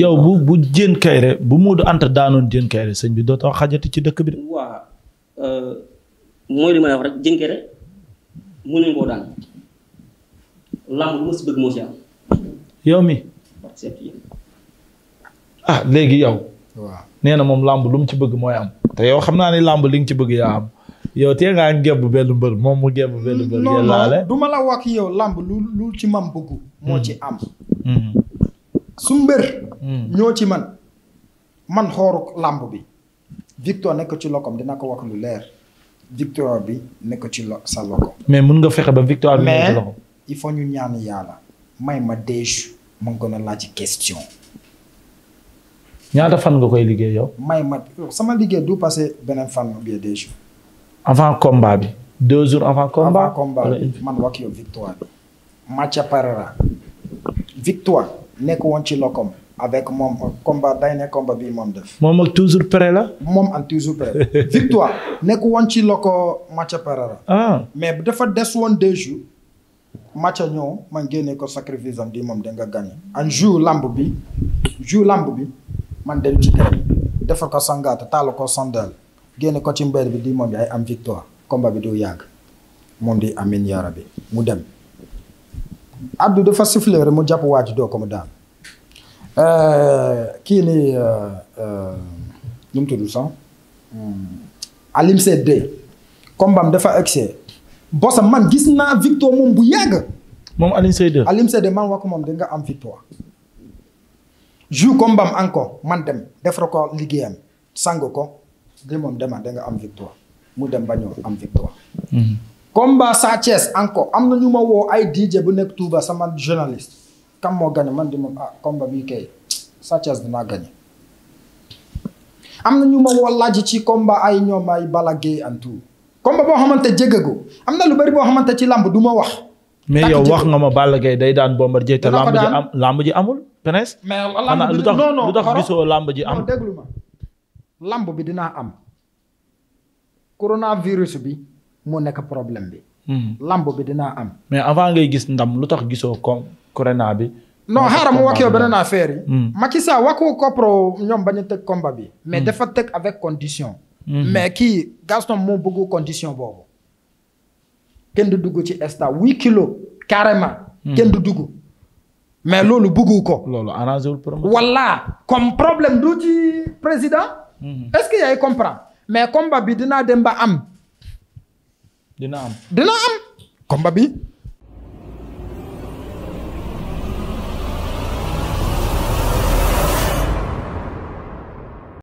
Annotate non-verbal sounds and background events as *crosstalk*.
yow bu bu jën kayre bu muudu anta daanoon jën kayre sëñ bi dootoo xajati ci dëkk bi de. waa euh, mooy li rek jën kayre mën nañu koo daan lamb lu mi ah léegi yow. waaw nee na moom lamb lu mu ci bëgg mooy am. te yow xam naa ne lamb li nga ci bëgg yaa am. yow tee ngaa ngemb benn mbër moom mu ngemb benn mbër. non non du ma la wax yow lamb lu lu ci mam bëgg. moo ci am. Mm-hmm. su mbër hmm. ñoo ci man man xooru làmp bi victoire nekk ci lokom dina ko wax lu leer victoire bi nekk ci lo sa lokom mais mun nga fexe ba victoire bi nekk ci lokom il ñaan yàlla may ma déju ma gën a laaj question ñaata fan nga koy liggéey yow may ma sama liggéey du passé beneen fan bi déju avant combat bi deux jours avant combat avant combat bi man wax yow victoire bi match victoire nekk woon ci lokom avec moom combat day ne combat bi moom def. moom ak toujours prêt la. moom ak toujours prêt *laughs* victoire nekk woon ci loko Macha Pereira. ah mais dafa des woon deux jours. Macha ñëw man génne ko sacrifice di moom da nga gagné. en jour lamb bi jour lamb bi man dem ci kër defal ko sangaata taal ko sandal génne ko ci mbër bi di moom yaay am victoire combat bi du yàgg moom di amin yara bi mu dem. Abdou dafa siffler rek mu jàpp waa doo ko mu daan euh, kii nii euh, euh, nu mu tudd hmm. kombam dafa egg bosam man gis naa victoire moom bu yàgg. moom Alim Seyde. Alim Seyde man wax ko moom danga am victoire. jou kombam encore man dem defar ko liggéeyam sang ko li moom dema da am victoire mu dem ba am victoire. Hmm. combat Sa Thiès encore am na ñu ma woo ay DJ bu nekk tuuba sama journaliste kam moo gagné man di moom ah combat bii kay Sa Thiès dinaa gagné am na ñu ma woo laaj ci combat ay ñoom ay bala Gaye and tout combat boo xamante jéggago am na lu bari boo xamante ci làmb du ma wax. mais yow wax nga ma Balla Gaye day daan Bombardier te làmb ji am làmb ji amul. Prince xanaa lu tax lu tax gisoo làmb ji am déglu ma làmb bi dinaa am coronavirus bi. moo nekk problème bi. Hmm. lambo bi dinaa am. mais avant ngay gis ndam lu tax gisoo ko corona bi. non xaaral mu wax yow beneen affaire yi. Hmm. Macky Sall waxu kopro ñoom bañu teg combat bi. Hmm. mais dafa teg avec condition. mais kii Gaston moo bëggu condition boobu. kenn du dugg ci esta huit kilo carrément. kenn du dugg. mais loolu bëggu ko. loolu arrangé wul problème. voilà comme problème du ci président. est que yaay comprend mais combat bi dinaa dem ba am. dina am dina am combat bi